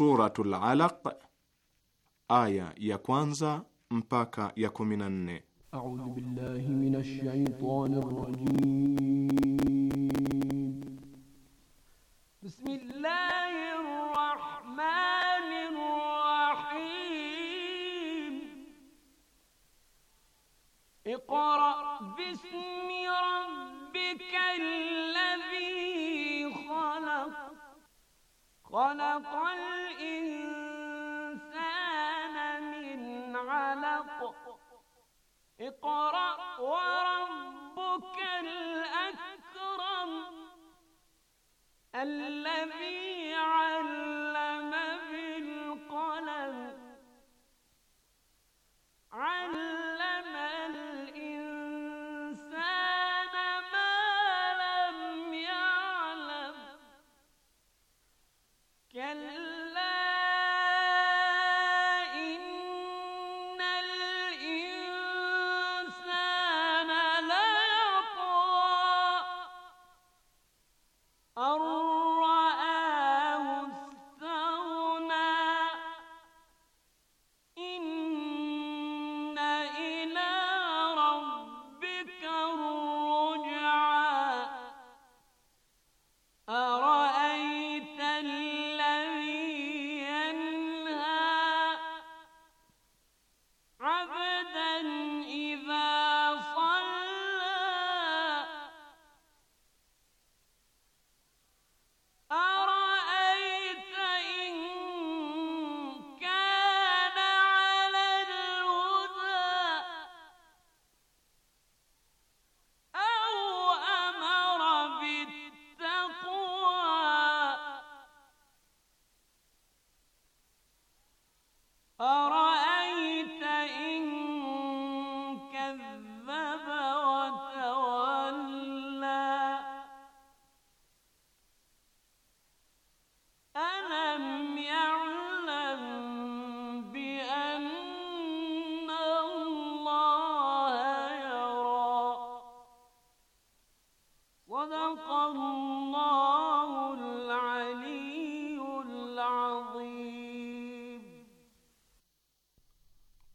Suratul Alaq, aya ya kwanza mpaka ya kumi na nne. A'udhu billahi minash shaitani rrajim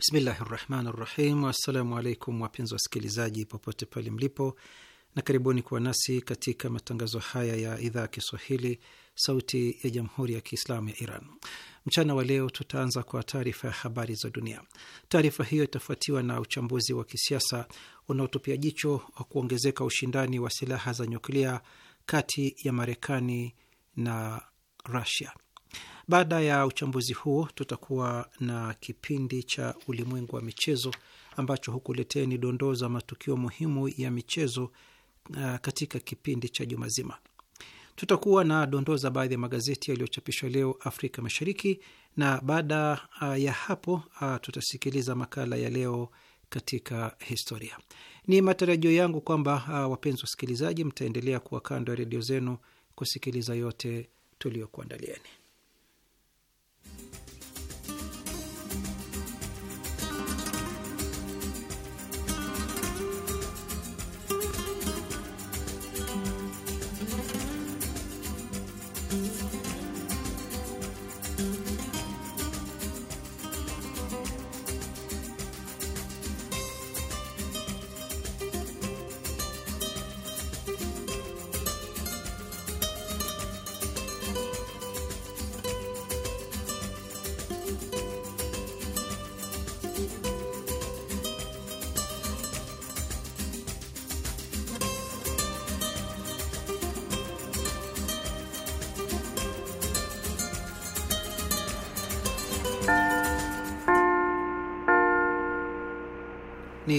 Bismillahi rahmani rahim. Assalamu alaikum wapenzi wasikilizaji popote pale mlipo, na karibuni kuwa nasi katika matangazo haya ya idhaa ya Kiswahili sauti ya jamhuri ya Kiislamu ya Iran. Mchana wa leo tutaanza kwa taarifa ya habari za dunia. Taarifa hiyo itafuatiwa na uchambuzi wa kisiasa unaotupia jicho wa kuongezeka ushindani wa silaha za nyuklia kati ya Marekani na Rusia. Baada ya uchambuzi huo tutakuwa na kipindi cha ulimwengu wa michezo ambacho hukuleteni dondoo za matukio muhimu ya michezo uh, katika kipindi cha juma zima. Tutakuwa na dondoo za baadhi ya magazeti yaliyochapishwa leo Afrika Mashariki, na baada uh, ya hapo uh, tutasikiliza makala ya leo katika historia. Ni matarajio yangu kwamba wapenzi wasikilizaji, mtaendelea kuwa kando ya redio zenu kusikiliza yote tuliyokuandalieni.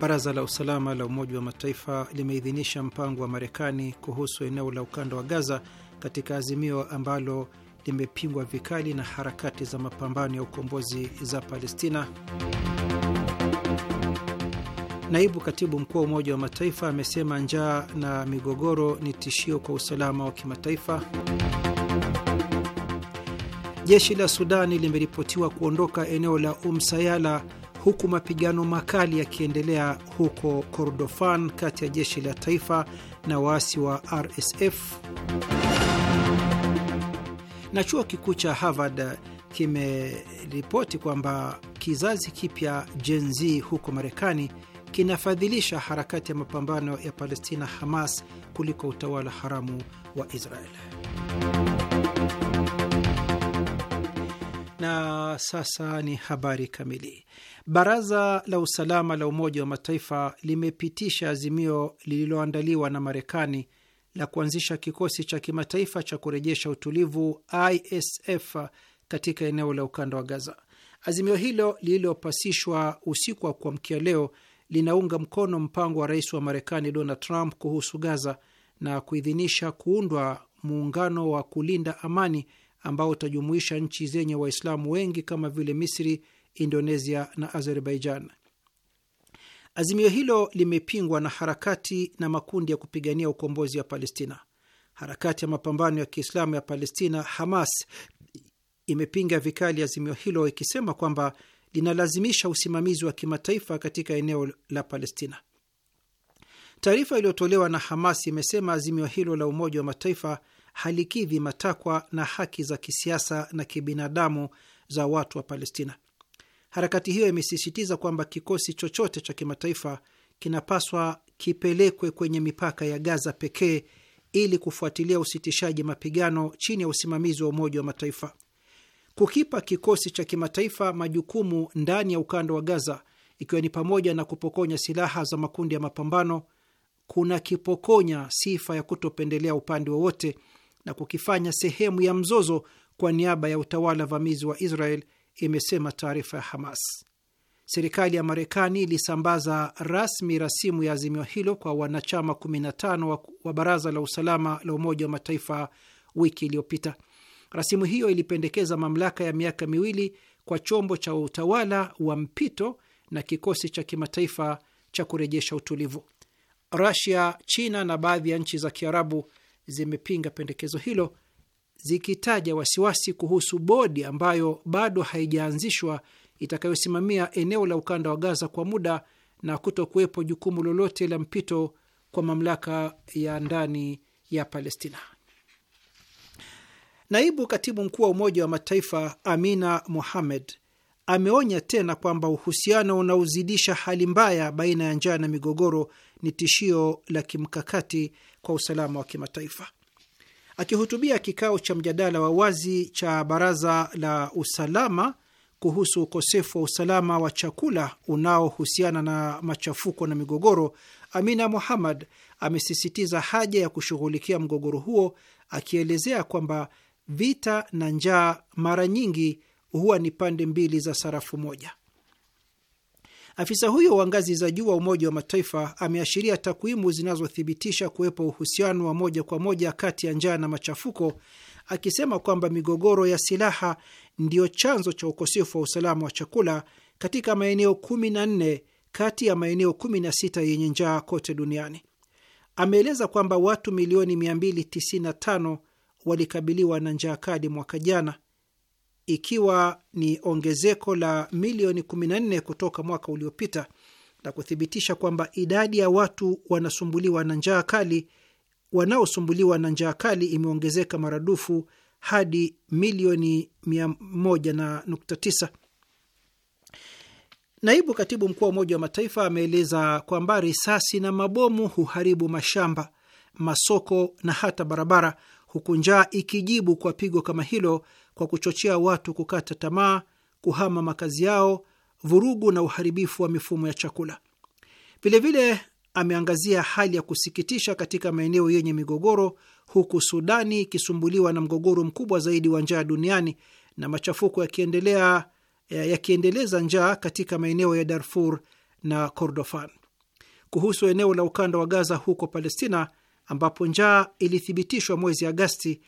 Baraza la usalama la Umoja wa Mataifa limeidhinisha mpango wa Marekani kuhusu eneo la ukanda wa Gaza katika azimio ambalo limepingwa vikali na harakati za mapambano ya ukombozi za Palestina. Naibu katibu mkuu wa Umoja wa Mataifa amesema njaa na migogoro ni tishio kwa usalama wa kimataifa. Jeshi la Sudani limeripotiwa kuondoka eneo la Umsayala huku mapigano makali yakiendelea huko Kordofan kati ya jeshi la taifa na waasi wa RSF. Na chuo kikuu cha Harvard kimeripoti kwamba kizazi kipya Gen Z huko Marekani kinafadhilisha harakati ya mapambano ya Palestina Hamas kuliko utawala haramu wa Israel. Na sasa ni habari kamili. Baraza la Usalama la Umoja wa Mataifa limepitisha azimio lililoandaliwa na Marekani la kuanzisha kikosi cha kimataifa cha kurejesha utulivu ISF katika eneo la ukanda wa Gaza. Azimio hilo lililopasishwa usiku wa kuamkia leo linaunga mkono mpango wa rais wa Marekani Donald Trump kuhusu Gaza na kuidhinisha kuundwa muungano wa kulinda amani ambao utajumuisha nchi zenye Waislamu wengi kama vile Misri, Indonesia na Azerbaijan. Azimio hilo limepingwa na harakati na makundi ya kupigania ukombozi wa Palestina. Harakati ya mapambano ya Kiislamu ya Palestina, Hamas, imepinga vikali azimio hilo ikisema kwamba linalazimisha usimamizi wa kimataifa katika eneo la Palestina. Taarifa iliyotolewa na Hamas imesema azimio hilo la Umoja wa Mataifa halikidhi matakwa na haki za kisiasa na kibinadamu za watu wa Palestina. Harakati hiyo imesisitiza kwamba kikosi chochote cha kimataifa kinapaswa kipelekwe kwenye mipaka ya Gaza pekee ili kufuatilia usitishaji mapigano chini ya usimamizi wa Umoja wa Mataifa. Kukipa kikosi cha kimataifa majukumu ndani ya ukanda wa Gaza, ikiwa ni pamoja na kupokonya silaha za makundi ya mapambano, kuna kipokonya sifa ya kutopendelea upande wowote na kukifanya sehemu ya mzozo kwa niaba ya utawala vamizi wa Israel, imesema taarifa ya Hamas. Serikali ya Marekani ilisambaza rasmi rasimu ya azimio hilo kwa wanachama 15 wa Baraza la Usalama la Umoja wa Mataifa wiki iliyopita. Rasimu hiyo ilipendekeza mamlaka ya miaka miwili kwa chombo cha utawala wa mpito na kikosi cha kimataifa cha kurejesha utulivu. Rasia, China na baadhi ya nchi za Kiarabu zimepinga pendekezo hilo zikitaja wasiwasi kuhusu bodi ambayo bado haijaanzishwa itakayosimamia eneo la ukanda wa Gaza kwa muda na kuto kuwepo jukumu lolote la mpito kwa mamlaka ya ndani ya Palestina. Naibu katibu mkuu wa Umoja wa Mataifa Amina Mohamed ameonya tena kwamba uhusiano unaozidisha hali mbaya baina ya njaa na migogoro ni tishio la kimkakati kwa usalama wa kimataifa. Akihutubia kikao cha mjadala wa wazi cha baraza la usalama kuhusu ukosefu wa usalama wa chakula unaohusiana na machafuko na migogoro, Amina Mohammad amesisitiza haja ya kushughulikia mgogoro huo, akielezea kwamba vita na njaa mara nyingi huwa ni pande mbili za sarafu moja. Afisa huyo wa ngazi za juu wa Umoja wa Mataifa ameashiria takwimu zinazothibitisha kuwepo uhusiano wa moja kwa moja kati ya njaa na machafuko, akisema kwamba migogoro ya silaha ndiyo chanzo cha ukosefu wa usalama wa chakula katika maeneo 14 kati ya maeneo 16 yenye njaa kote duniani. Ameeleza kwamba watu milioni 295 walikabiliwa na njaa kali mwaka jana ikiwa ni ongezeko la milioni 14 kutoka mwaka uliopita na kuthibitisha kwamba idadi ya watu wanasumbuliwa na njaa kali wanaosumbuliwa na njaa kali imeongezeka maradufu hadi milioni 100.9. Naibu katibu mkuu wa Umoja wa Mataifa ameeleza kwamba risasi na mabomu huharibu mashamba, masoko na hata barabara, huku njaa ikijibu kwa pigo kama hilo kwa kuchochea watu kukata tamaa, kuhama makazi yao, vurugu na uharibifu wa mifumo ya chakula. Vilevile ameangazia hali ya kusikitisha katika maeneo yenye migogoro, huku Sudani ikisumbuliwa na mgogoro mkubwa zaidi wa njaa duniani na machafuko yakiendelea yakiendeleza njaa katika maeneo ya Darfur na Kordofan. Kuhusu eneo la ukanda wa Gaza huko Palestina, ambapo njaa ilithibitishwa mwezi Agasti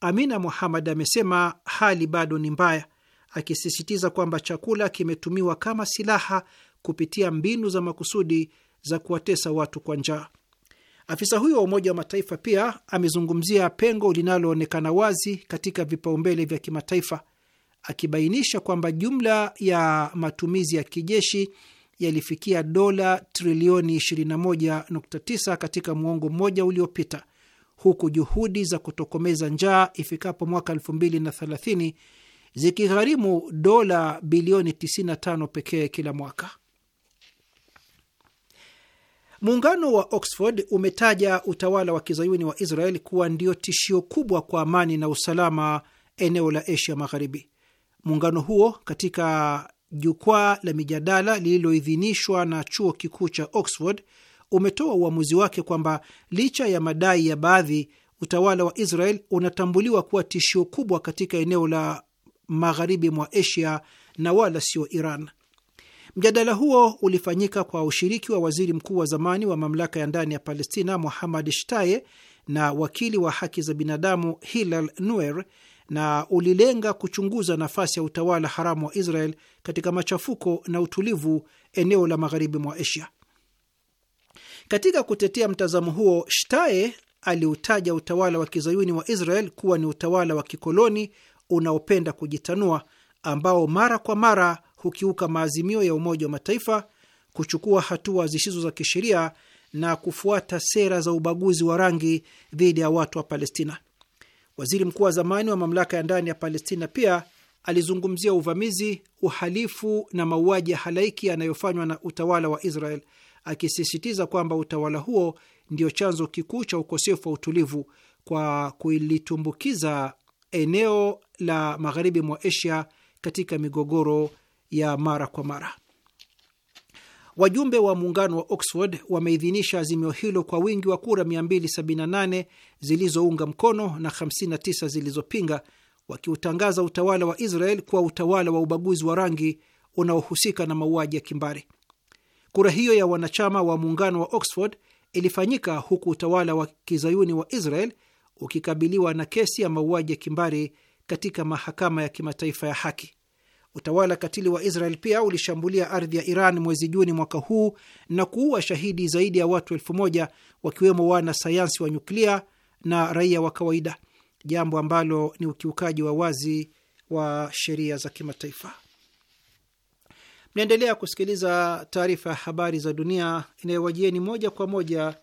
Amina muhammad amesema hali bado ni mbaya, akisisitiza kwamba chakula kimetumiwa kama silaha kupitia mbinu za makusudi za kuwatesa watu kwa njaa. Afisa huyo wa Umoja wa Mataifa pia amezungumzia pengo linaloonekana wazi katika vipaumbele vya kimataifa, akibainisha kwamba jumla ya matumizi ya kijeshi yalifikia dola trilioni 21.9 katika mwongo mmoja uliopita huku juhudi za kutokomeza njaa ifikapo mwaka 2030 zikigharimu dola bilioni 95 pekee kila mwaka. Muungano wa Oxford umetaja utawala wa kizayuni wa Israel kuwa ndio tishio kubwa kwa amani na usalama eneo la Asia Magharibi. Muungano huo katika jukwaa la mijadala lililoidhinishwa na chuo kikuu cha Oxford umetoa uamuzi wake kwamba licha ya madai ya baadhi, utawala wa Israel unatambuliwa kuwa tishio kubwa katika eneo la magharibi mwa Asia na wala sio Iran. Mjadala huo ulifanyika kwa ushiriki wa waziri mkuu wa zamani wa mamlaka ya ndani ya Palestina Muhammad Shtaye na wakili wa haki za binadamu Hilal Nuer na ulilenga kuchunguza nafasi ya utawala haramu wa Israel katika machafuko na utulivu eneo la magharibi mwa Asia. Katika kutetea mtazamo huo, Shtaye aliutaja utawala wa kizayuni wa Israel kuwa ni utawala wa kikoloni unaopenda kujitanua, ambao mara kwa mara hukiuka maazimio ya Umoja wa Mataifa, kuchukua hatua zisizo za kisheria na kufuata sera za ubaguzi wa rangi dhidi ya watu wa Palestina. Waziri mkuu wa zamani wa mamlaka ya ndani ya Palestina pia alizungumzia uvamizi, uhalifu na mauaji ya halaiki yanayofanywa na utawala wa Israel akisisitiza kwamba utawala huo ndio chanzo kikuu cha ukosefu wa utulivu kwa kuilitumbukiza eneo la magharibi mwa Asia katika migogoro ya mara kwa mara. Wajumbe wa muungano wa Oxford wameidhinisha azimio hilo kwa wingi wa kura 278 zilizounga mkono na 59 zilizopinga, wakiutangaza utawala wa Israel kuwa utawala wa ubaguzi wa rangi unaohusika na mauaji ya kimbari. Kura hiyo ya wanachama wa muungano wa Oxford ilifanyika huku utawala wa kizayuni wa Israel ukikabiliwa na kesi ya mauaji ya kimbari katika mahakama ya kimataifa ya haki. Utawala katili wa Israel pia ulishambulia ardhi ya Iran mwezi Juni mwaka huu na kuua shahidi zaidi ya watu elfu moja wakiwemo wana sayansi wa nyuklia na raia wa kawaida, jambo ambalo ni ukiukaji wa wazi wa sheria za kimataifa. Mnaendelea kusikiliza taarifa ya habari za dunia inayowajieni moja kwa moja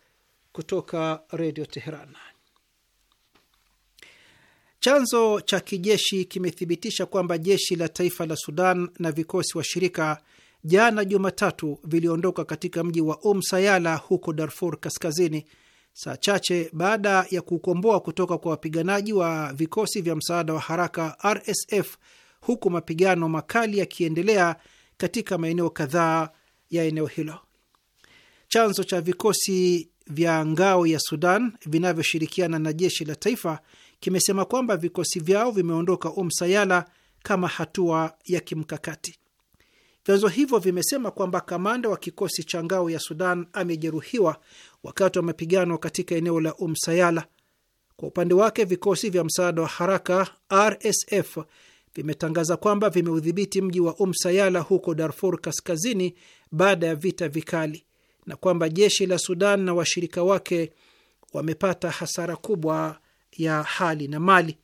kutoka redio Teheran. Chanzo cha kijeshi kimethibitisha kwamba jeshi la taifa la Sudan na vikosi washirika jana Jumatatu viliondoka katika mji wa Um Sayala huko Darfur Kaskazini, saa chache baada ya kukomboa kutoka kwa wapiganaji wa vikosi vya msaada wa haraka RSF, huku mapigano makali yakiendelea katika maeneo kadhaa ya eneo hilo. Chanzo cha vikosi vya ngao ya Sudan vinavyoshirikiana na jeshi la taifa kimesema kwamba vikosi vyao vimeondoka Umsayala kama hatua ya kimkakati. Vyanzo hivyo vimesema kwamba kamanda wa kikosi cha ngao ya Sudan amejeruhiwa wakati wa mapigano katika eneo la Umsayala. Kwa upande wake, vikosi vya msaada wa haraka RSF vimetangaza kwamba vimeudhibiti mji wa Umsayala huko Darfur Kaskazini baada ya vita vikali na kwamba jeshi la Sudan na washirika wake wamepata hasara kubwa ya hali na mali.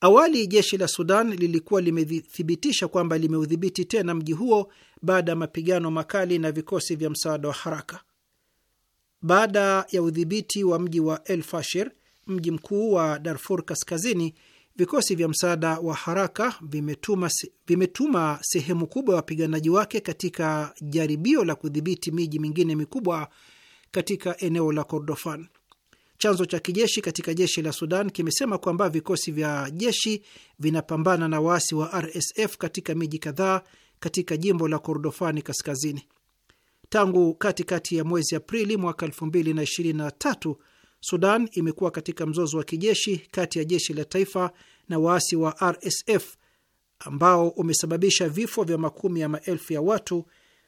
Awali jeshi la Sudan lilikuwa limethibitisha kwamba limeudhibiti tena mji huo baada ya mapigano makali na vikosi vya msaada wa haraka. Baada ya udhibiti wa mji wa El mji mkuu wa Darfur Kaskazini, Vikosi vya msaada wa haraka vimetuma, vimetuma sehemu kubwa ya wapiganaji wake katika jaribio la kudhibiti miji mingine mikubwa katika eneo la Kordofan. Chanzo cha kijeshi katika jeshi la Sudan kimesema kwamba vikosi vya jeshi vinapambana na waasi wa RSF katika miji kadhaa katika jimbo la Kordofani kaskazini. Tangu katikati ya mwezi Aprili mwaka 2023 Sudan imekuwa katika mzozo wa kijeshi kati ya jeshi la taifa na waasi wa RSF ambao umesababisha vifo vya makumi ya maelfu ya watu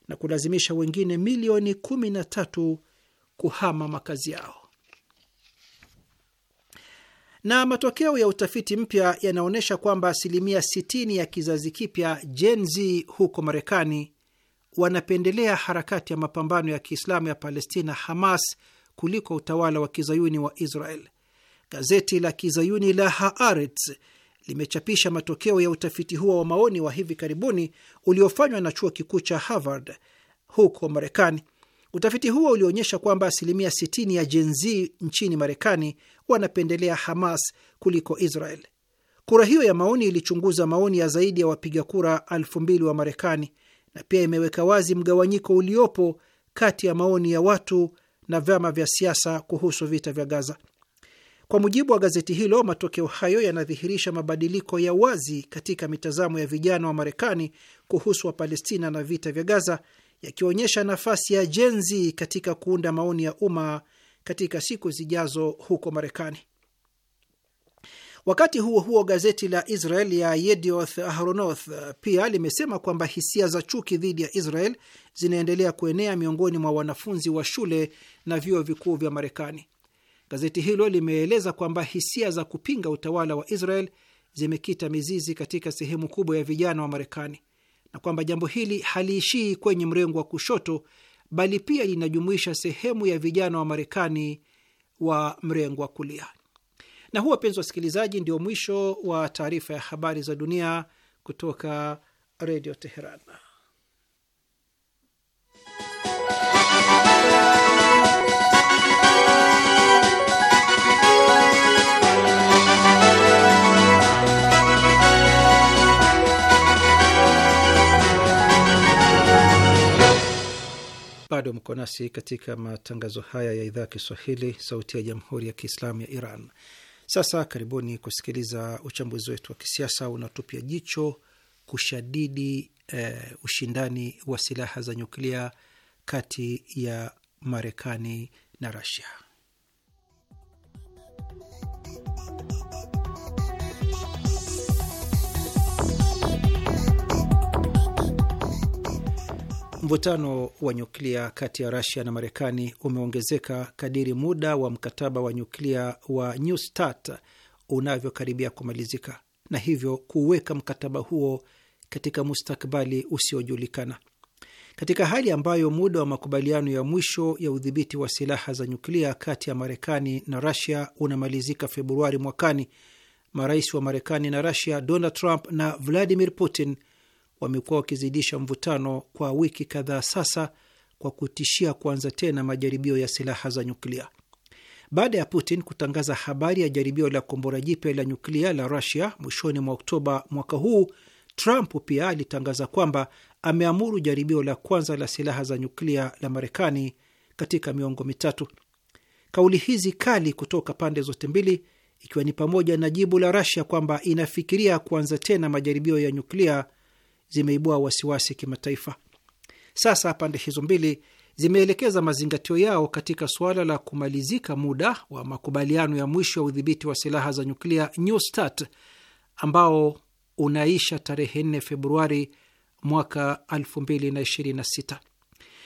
na kulazimisha wengine milioni 13 kuhama makazi yao. Na matokeo ya utafiti mpya yanaonyesha kwamba asilimia 60 ya kizazi kipya Gen Z huko Marekani wanapendelea harakati ya mapambano ya Kiislamu ya Palestina, Hamas, kuliko utawala wa kizayuni wa Israel. Gazeti la kizayuni la Haaretz limechapisha matokeo ya utafiti huo wa maoni wa hivi karibuni uliofanywa na chuo kikuu cha Harvard huko Marekani. Utafiti huo ulionyesha kwamba asilimia 60 ya Gen Z nchini Marekani wanapendelea Hamas kuliko Israel. Kura hiyo ya maoni ilichunguza maoni ya zaidi ya wapiga kura elfu mbili wa Marekani na pia imeweka wazi mgawanyiko uliopo kati ya maoni ya watu na vyama vya siasa kuhusu vita vya Gaza. Kwa mujibu wa gazeti hilo, matokeo hayo yanadhihirisha mabadiliko ya wazi katika mitazamo ya vijana wa Marekani kuhusu Wapalestina na vita vya Gaza, yakionyesha nafasi ya jenzi katika kuunda maoni ya umma katika siku zijazo huko Marekani. Wakati huo huo, gazeti la Israel ya Yedioth Ahronoth pia limesema kwamba hisia za chuki dhidi ya Israel zinaendelea kuenea miongoni mwa wanafunzi wa shule na vyuo vikuu vya Marekani. Gazeti hilo limeeleza kwamba hisia za kupinga utawala wa Israel zimekita mizizi katika sehemu kubwa ya vijana wa Marekani na kwamba jambo hili haliishii kwenye mrengo wa kushoto, bali pia linajumuisha sehemu ya vijana wa Marekani wa mrengo wa kulia. Na huu, wapenzi wasikilizaji, ndio mwisho wa taarifa ya habari za dunia kutoka Redio Teheran. Bado mko nasi katika matangazo haya ya idhaa ya Kiswahili, sauti ya jamhuri ya kiislamu ya Iran. Sasa karibuni kusikiliza uchambuzi wetu wa kisiasa unatupia jicho kushadidi eh, ushindani wa silaha za nyuklia kati ya Marekani na Rasia. Mvutano wa nyuklia kati ya Rasia na Marekani umeongezeka kadiri muda wa mkataba wa nyuklia wa New START unavyokaribia kumalizika na hivyo kuweka mkataba huo katika mustakabali usiojulikana. Katika hali ambayo muda wa makubaliano ya mwisho ya udhibiti wa silaha za nyuklia kati ya Marekani na Rasia unamalizika Februari mwakani, marais wa Marekani na Rasia, Donald Trump na Vladimir Putin wamekuwa wakizidisha mvutano kwa wiki kadhaa sasa kwa kutishia kuanza tena majaribio ya silaha za nyuklia baada ya Putin kutangaza habari ya jaribio la kombora jipya la nyuklia la Rusia mwishoni mwa Oktoba mwaka huu. Trump pia alitangaza kwamba ameamuru jaribio la kwanza la silaha za nyuklia la Marekani katika miongo mitatu. Kauli hizi kali kutoka pande zote mbili, ikiwa ni pamoja na jibu la Rusia kwamba inafikiria kuanza tena majaribio ya nyuklia zimeibua wasiwasi kimataifa. Sasa pande hizo mbili zimeelekeza mazingatio yao katika suala la kumalizika muda wa makubaliano ya mwisho ya udhibiti wa silaha za nyuklia New START ambao unaisha tarehe 4 Februari mwaka 2026.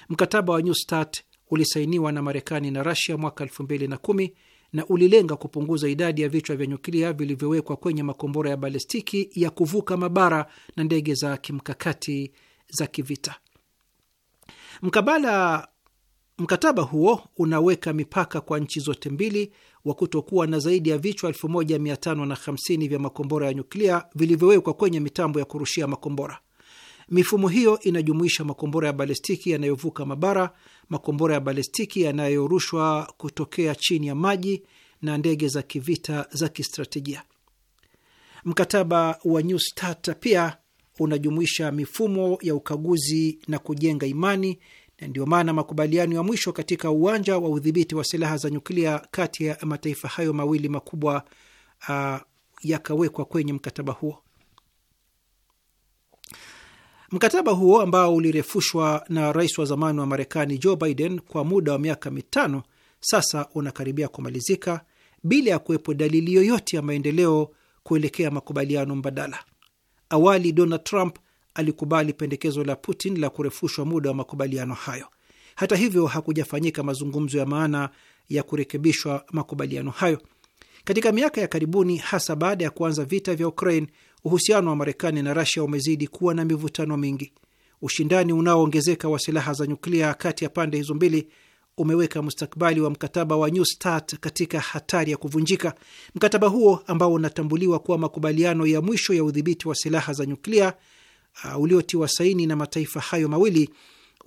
Mkataba wa New START ulisainiwa na Marekani na Rasia mwaka 2010 na ulilenga kupunguza idadi ya vichwa vya nyuklia vilivyowekwa kwenye makombora ya balistiki ya kuvuka mabara na ndege za kimkakati za kivita. Mkabala, mkataba huo unaweka mipaka kwa nchi zote mbili wa kutokuwa na zaidi ya vichwa 1550 vya makombora ya nyuklia vilivyowekwa kwenye mitambo ya kurushia makombora. Mifumo hiyo inajumuisha makombora ya balistiki yanayovuka mabara, makombora ya balistiki yanayorushwa kutokea chini ya maji na ndege za kivita za kistratejia. Mkataba wa New START pia unajumuisha mifumo ya ukaguzi na kujenga imani, na ndiyo maana makubaliano ya mwisho katika uwanja wa udhibiti wa silaha za nyuklia kati ya mataifa hayo mawili makubwa uh, yakawekwa kwenye mkataba huo. Mkataba huo ambao ulirefushwa na rais wa zamani wa Marekani Joe Biden kwa muda wa miaka mitano sasa unakaribia kumalizika bila ya kuwepo dalili yoyote ya maendeleo kuelekea makubaliano mbadala. Awali Donald Trump alikubali pendekezo la Putin la kurefushwa muda wa makubaliano hayo. Hata hivyo, hakujafanyika mazungumzo ya maana ya kurekebishwa makubaliano hayo. Katika miaka ya karibuni, hasa baada ya kuanza vita vya Ukraine, uhusiano wa Marekani na Rasia umezidi kuwa na mivutano mingi. Ushindani unaoongezeka wa silaha za nyuklia kati ya pande hizo mbili umeweka mustakabali wa mkataba wa New START katika hatari ya kuvunjika. Mkataba huo ambao unatambuliwa kuwa makubaliano ya mwisho ya udhibiti wa silaha za nyuklia uh, uliotiwa saini na mataifa hayo mawili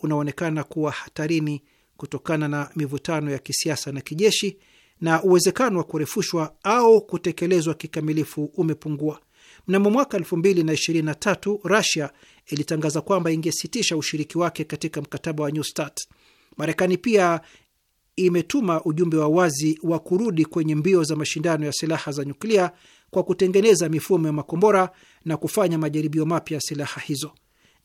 unaonekana kuwa hatarini kutokana na mivutano ya kisiasa na kijeshi, na uwezekano wa kurefushwa au kutekelezwa kikamilifu umepungua. Mnamo mwaka 2023 rusia ilitangaza kwamba ingesitisha ushiriki wake katika mkataba wa New START. Marekani pia imetuma ujumbe wa wazi wa kurudi kwenye mbio za mashindano ya silaha za nyuklia kwa kutengeneza mifumo ya makombora na kufanya majaribio mapya ya silaha hizo.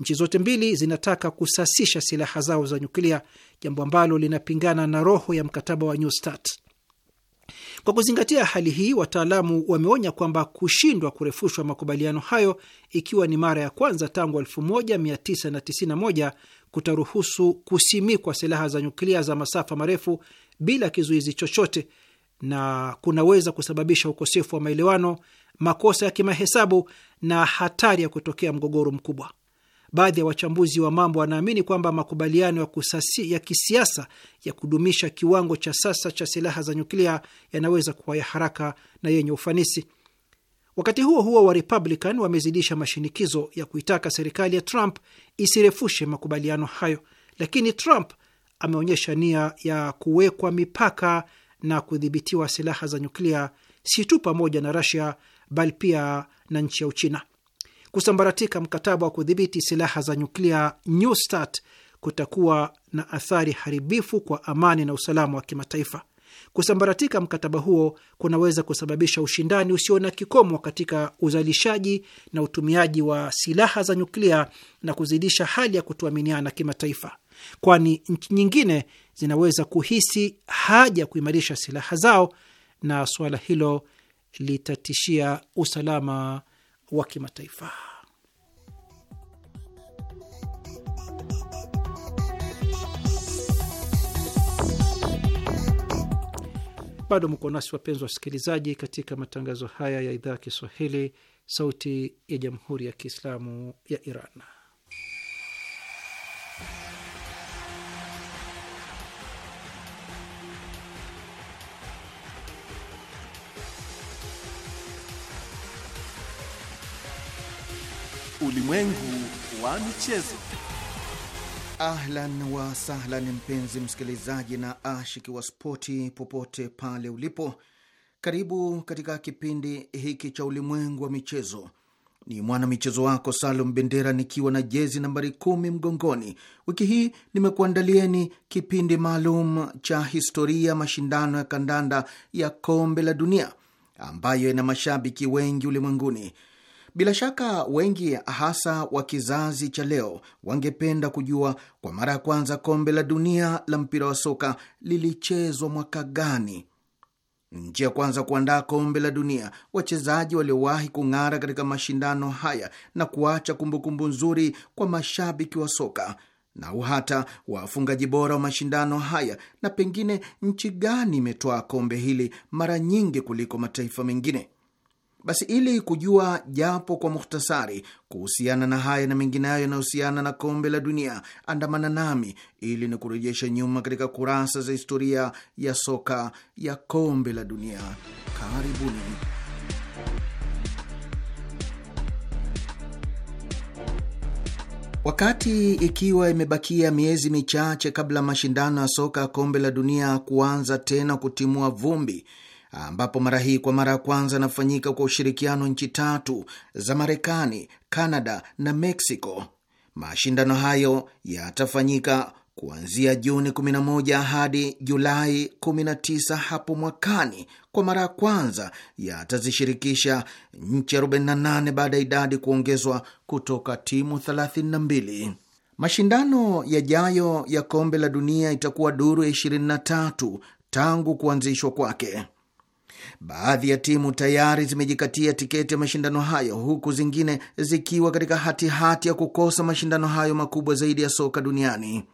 Nchi zote mbili zinataka kusasisha silaha zao za nyuklia, jambo ambalo linapingana na roho ya mkataba wa New START. Kwa kuzingatia hali hii, wataalamu wameonya kwamba kushindwa kurefushwa makubaliano hayo, ikiwa ni mara ya kwanza tangu 1991 kutaruhusu kusimikwa silaha za nyuklia za masafa marefu bila kizuizi chochote, na kunaweza kusababisha ukosefu wa maelewano, makosa ya kimahesabu na hatari ya kutokea mgogoro mkubwa. Baadhi ya wachambuzi wa mambo wanaamini kwamba makubaliano ya kusasi ya kisiasa ya kudumisha kiwango cha sasa cha silaha za nyuklia yanaweza kuwa ya haraka na yenye ufanisi. Wakati huo huo, wa Republican wamezidisha mashinikizo ya kuitaka serikali ya Trump isirefushe makubaliano hayo, lakini Trump ameonyesha nia ya kuwekwa mipaka na kudhibitiwa silaha za nyuklia si tu pamoja na Russia bali pia na nchi ya Uchina. Kusambaratika mkataba wa kudhibiti silaha za nyuklia New START kutakuwa na athari haribifu kwa amani na usalama wa kimataifa. Kusambaratika mkataba huo kunaweza kusababisha ushindani usio na kikomo katika uzalishaji na utumiaji wa silaha za nyuklia na kuzidisha hali ya kutuaminiana kimataifa, kwani nchi nyingine zinaweza kuhisi haja ya kuimarisha silaha zao na suala hilo litatishia usalama wa kimataifa. Bado mko nasi wapenzi wasikilizaji, katika matangazo haya ya idhaa ya Kiswahili, Sauti ya Jamhuri ya Kiislamu ya Iran. Ulimwengu wa michezo. Ahlan wa sahlan, mpenzi msikilizaji na ashiki wa spoti, popote pale ulipo, karibu katika kipindi hiki cha ulimwengu wa michezo. Ni mwana michezo wako Salum Bendera nikiwa na jezi nambari kumi mgongoni. Wiki hii nimekuandalieni kipindi maalum cha historia mashindano ya kandanda ya kombe la dunia ambayo ina mashabiki wengi ulimwenguni. Bila shaka wengi hasa wa kizazi cha leo wangependa kujua kwa mara ya kwanza kombe la dunia la mpira wa soka lilichezwa mwaka gani? Nchi ya kwanza kuandaa kombe la dunia, wachezaji waliowahi kung'ara katika mashindano haya na kuacha kumbukumbu nzuri kwa mashabiki wa soka na hata wafungaji bora wa mashindano haya, na pengine nchi gani imetwaa kombe hili mara nyingi kuliko mataifa mengine? Basi ili kujua japo kwa muhtasari kuhusiana na haya na mengineyo yanayohusiana na kombe la dunia, andamana nami ili ni kurejesha nyuma katika kurasa za historia ya soka ya kombe la dunia. Karibuni. Wakati ikiwa imebakia miezi michache kabla mashindano ya soka ya kombe la dunia kuanza tena kutimua vumbi ambapo mara hii kwa mara ya kwanza anafanyika kwa ushirikiano nchi tatu za Marekani, canada na Mexico. Mashindano hayo yatafanyika kuanzia Juni 11 hadi Julai 19 hapo mwakani. Kwa mara ya kwanza yatazishirikisha nchi 48 baada ya idadi kuongezwa kutoka timu 32. Mashindano yajayo ya kombe la dunia itakuwa duru ya 23 tangu kuanzishwa kwake. Baadhi ya timu tayari zimejikatia tiketi ya mashindano hayo huku zingine zikiwa katika hatihati hati ya kukosa mashindano hayo makubwa zaidi ya soka duniani.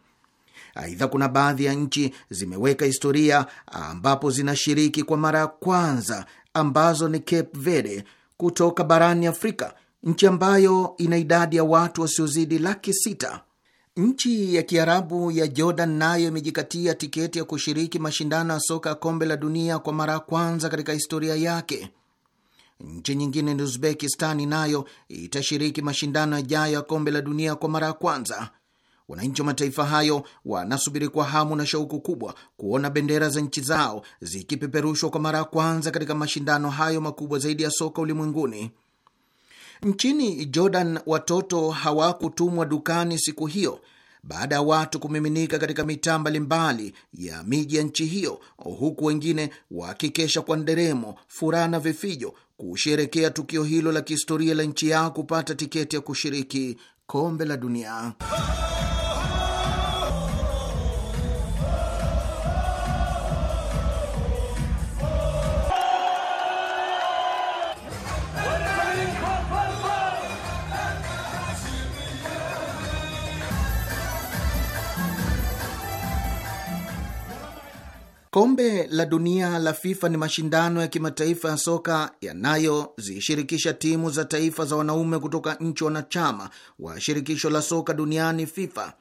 Aidha, kuna baadhi ya nchi zimeweka historia ambapo zinashiriki kwa mara ya kwanza ambazo ni Cape Verde kutoka barani Afrika, nchi ambayo ina idadi ya watu wasiozidi laki sita. Nchi ya Kiarabu ya Jordan nayo imejikatia tiketi ya kushiriki mashindano ya soka ya kombe la dunia kwa mara ya kwanza katika historia yake. Nchi nyingine ni Uzbekistani, nayo itashiriki mashindano yajayo ya kombe la dunia kwa mara ya kwanza. Wananchi wa mataifa hayo wanasubiri kwa hamu na shauku kubwa kuona bendera za nchi zao zikipeperushwa kwa mara ya kwanza katika mashindano hayo makubwa zaidi ya soka ulimwenguni. Nchini Jordan watoto hawakutumwa dukani siku hiyo baada ya watu kumiminika katika mitaa mbalimbali ya miji ya nchi hiyo, huku wengine wakikesha kwa nderemo, furaha na vifijo kusherekea tukio hilo la kihistoria la nchi yao kupata tiketi ya kushiriki kombe la dunia. Kombe la dunia la FIFA ni mashindano ya kimataifa ya soka yanayozishirikisha timu za taifa za wanaume kutoka nchi wanachama wa shirikisho la soka duniani FIFA.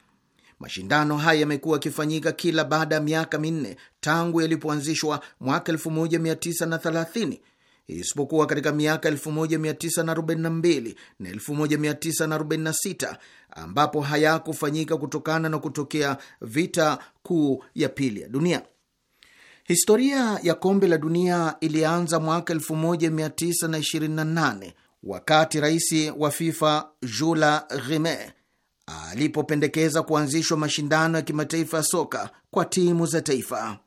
Mashindano haya yamekuwa yakifanyika kila baada ya miaka minne tangu yalipoanzishwa mwaka 1930 isipokuwa katika miaka 1942 na 1946 ambapo hayakufanyika kutokana na kutokea vita kuu ya pili ya dunia. Historia ya kombe la dunia ilianza mwaka 1928 wakati rais wa FIFA Jules Rimet alipopendekeza kuanzishwa mashindano ya kimataifa ya soka kwa timu za taifa.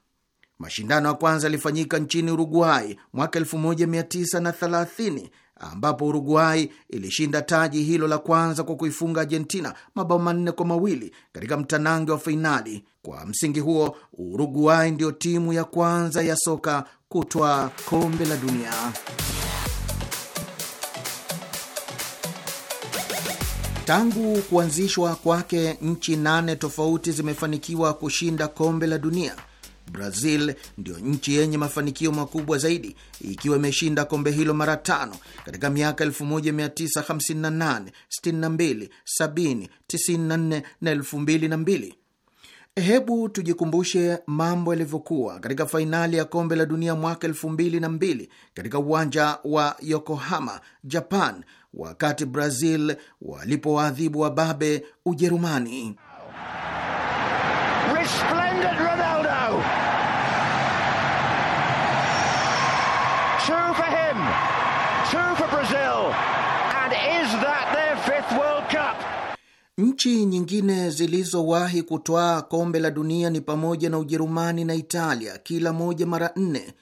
Mashindano ya kwanza yalifanyika nchini Uruguay mwaka 1930 ambapo Uruguai ilishinda taji hilo la kwanza kwa kuifunga Argentina mabao manne kwa mawili katika mtanange wa fainali. Kwa msingi huo, Uruguai ndiyo timu ya kwanza ya soka kutwa kombe la dunia. Tangu kuanzishwa kwake, nchi nane tofauti zimefanikiwa kushinda kombe la dunia Brazil ndiyo nchi yenye mafanikio makubwa zaidi ikiwa imeshinda kombe hilo mara tano katika miaka 1958, na 2002. Hebu tujikumbushe mambo yalivyokuwa katika fainali ya kombe la dunia mwaka 2002 katika uwanja wa Yokohama, Japan, wakati Brazil walipowaadhibu wababe Ujerumani. Resplendent Nchi nyingine zilizowahi kutwaa kombe la dunia ni pamoja na Ujerumani na Italia, kila moja mara nne.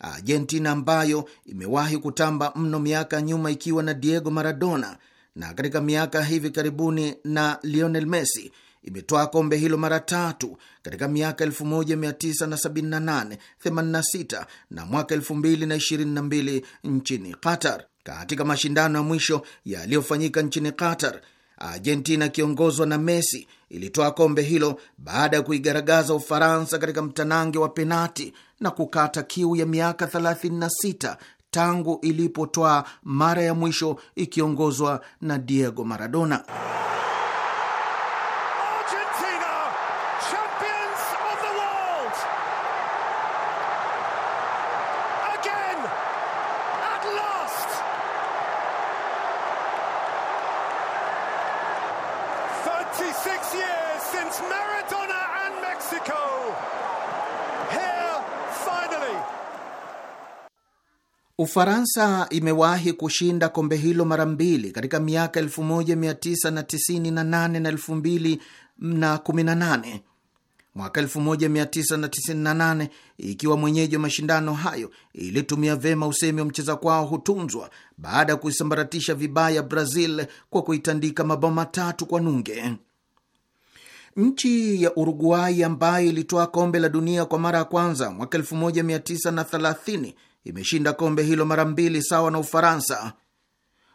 Argentina ambayo imewahi kutamba mno miaka nyuma ikiwa na Diego Maradona na katika miaka hivi karibuni na Lionel Messi imetwaa kombe hilo mara tatu katika miaka 1978, 86 na mwaka 2022 nchini Qatar. Katika mashindano ya mwisho yaliyofanyika nchini Qatar, Argentina akiongozwa na Messi ilitoa kombe hilo baada ya kuigaragaza Ufaransa katika mtanange wa penati na kukata kiu ya miaka 36 tangu ilipotwaa mara ya mwisho ikiongozwa na Diego Maradona. Ufaransa imewahi kushinda kombe hilo mara mbili katika miaka 1998 na 2018. Mwaka 1998 ikiwa mwenyeji wa mashindano hayo ilitumia vema usemi wa mcheza kwao hutunzwa baada ya kuisambaratisha vibaya Brazil kwa kuitandika mabao matatu kwa nunge. Nchi ya Uruguai ambayo ilitoa kombe la dunia kwa mara ya kwanza mwaka 1930 imeshinda kombe hilo mara mbili sawa na Ufaransa.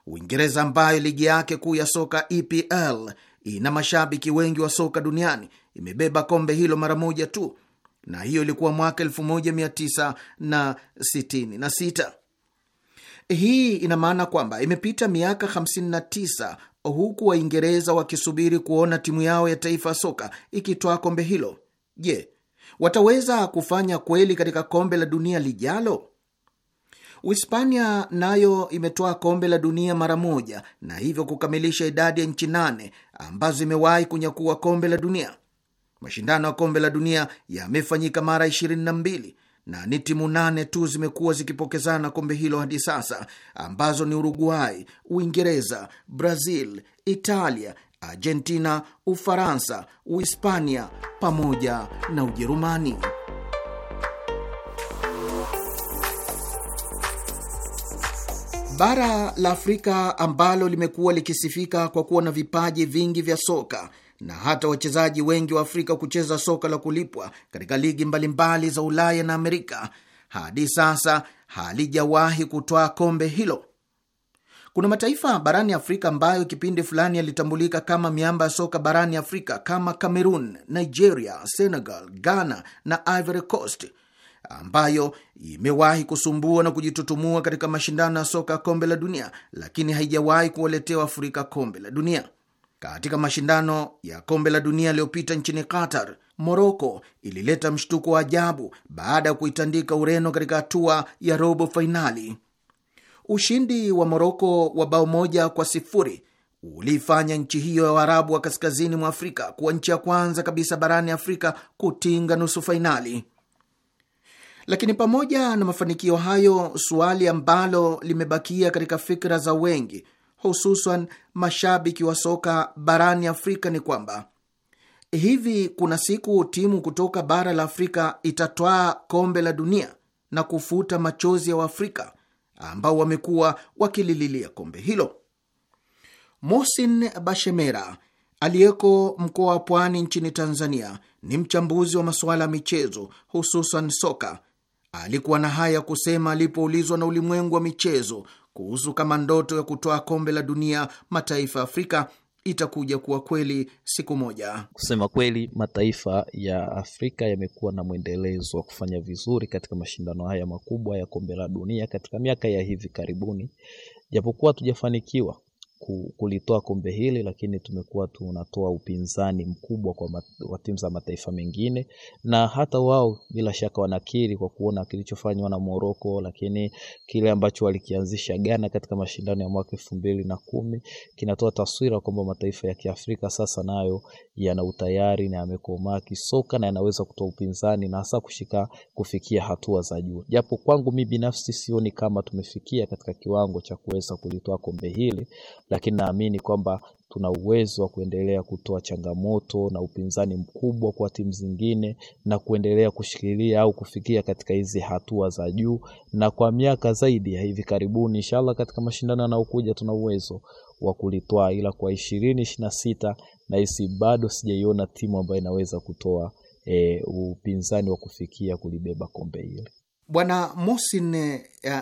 Uingereza, ambayo ligi yake kuu ya soka EPL ina mashabiki wengi wa soka duniani, imebeba kombe hilo mara moja tu, na hiyo ilikuwa mwaka 1966. Hii ina maana kwamba imepita miaka 59 huku Waingereza wakisubiri kuona timu yao ya taifa ya soka ikitwaa kombe hilo. Je, wataweza kufanya kweli katika kombe la dunia lijalo? Uhispania nayo imetoa kombe la dunia mara moja na hivyo kukamilisha idadi ya nchi nane ambazo imewahi kunyakua kombe la dunia. Mashindano ya kombe la dunia yamefanyika mara 22 na ni timu nane tu zimekuwa zikipokezana kombe hilo hadi sasa, ambazo ni Uruguay, Uingereza, Brazil, Italia, Argentina, Ufaransa, Uhispania pamoja na Ujerumani. Bara la Afrika ambalo limekuwa likisifika kwa kuwa na vipaji vingi vya soka na hata wachezaji wengi wa Afrika kucheza soka la kulipwa katika ligi mbalimbali za Ulaya na Amerika, hadi sasa halijawahi kutwaa kombe hilo. Kuna mataifa barani Afrika ambayo kipindi fulani yalitambulika kama miamba ya soka barani Afrika kama Cameroon, Nigeria, Senegal, Ghana na Ivory Coast ambayo imewahi kusumbua na kujitutumua katika mashindano ya soka ya kombe la dunia, lakini haijawahi kuwaletea Waafrika kombe la dunia. Katika mashindano ya kombe la dunia yaliyopita nchini Qatar, Moroko ilileta mshtuko wa ajabu baada ya kuitandika Ureno katika hatua ya robo fainali. Ushindi wa Moroko wa bao moja kwa sifuri uliifanya nchi hiyo ya Waarabu wa kaskazini mwa Afrika kuwa nchi ya kwanza kabisa barani Afrika kutinga nusu fainali. Lakini pamoja na mafanikio hayo, suali ambalo limebakia katika fikra za wengi, hususan mashabiki wa soka barani Afrika ni kwamba hivi kuna siku timu kutoka bara la Afrika itatwaa kombe la dunia na kufuta machozi ya Waafrika ambao wamekuwa wakilililia kombe hilo. Mosin Bashemera aliyeko mkoa wa Pwani nchini Tanzania ni mchambuzi wa masuala ya michezo, hususan soka, Alikuwa na haya kusema alipoulizwa na ulimwengu wa michezo kuhusu kama ndoto ya kutoa kombe la dunia mataifa ya Afrika itakuja kuwa kweli siku moja. Kusema kweli, mataifa ya Afrika yamekuwa na mwendelezo wa kufanya vizuri katika mashindano haya makubwa ya kombe la dunia katika miaka ya hivi karibuni, japokuwa hatujafanikiwa kulitoa kombe hili, lakini tumekuwa tunatoa upinzani mkubwa kwa timu za mataifa mengine, na hata wao bila shaka wanakiri kwa kuona kilichofanywa na Moroko, lakini kile ambacho walikianzisha Ghana katika mashindano ya mwaka elfu mbili na kumi kinatoa taswira kwamba mataifa ya Kiafrika sasa nayo yana utayari na yamekomaa kisoka na yanaweza kutoa upinzani na hasa kushika kufikia hatua za juu, japo kwangu mi binafsi sioni kama tumefikia katika kiwango cha kuweza kulitoa kombe hili lakini naamini kwamba tuna uwezo wa kuendelea kutoa changamoto na upinzani mkubwa kwa timu zingine na kuendelea kushikilia au kufikia katika hizi hatua za juu, na kwa miaka zaidi ya hivi karibuni, inshallah katika mashindano yanayokuja tuna uwezo wa kulitoa ila kwa ishirini ishiri na sita nahisi bado sijaiona timu ambayo inaweza kutoa e, upinzani wa kufikia kulibeba kombe hili. Bwana Mosin, eh,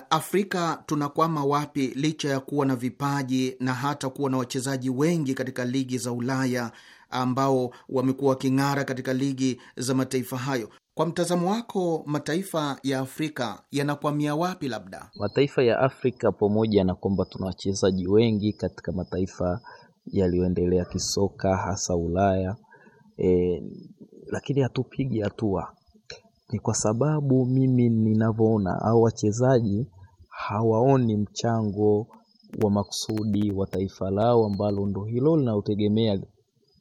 Afrika tunakwama wapi? Licha ya kuwa na vipaji na hata kuwa na wachezaji wengi katika ligi za Ulaya ambao wamekuwa waking'ara katika ligi za mataifa hayo, kwa mtazamo wako, mataifa ya Afrika yanakwamia wapi? Labda mataifa ya Afrika, pamoja na kwamba tuna wachezaji wengi katika mataifa yaliyoendelea kisoka, hasa Ulaya, e, lakini hatupigi hatua ni kwa sababu mimi ninavyoona au wachezaji hawaoni mchango wa makusudi wa taifa lao ambalo ndo hilo linalotegemea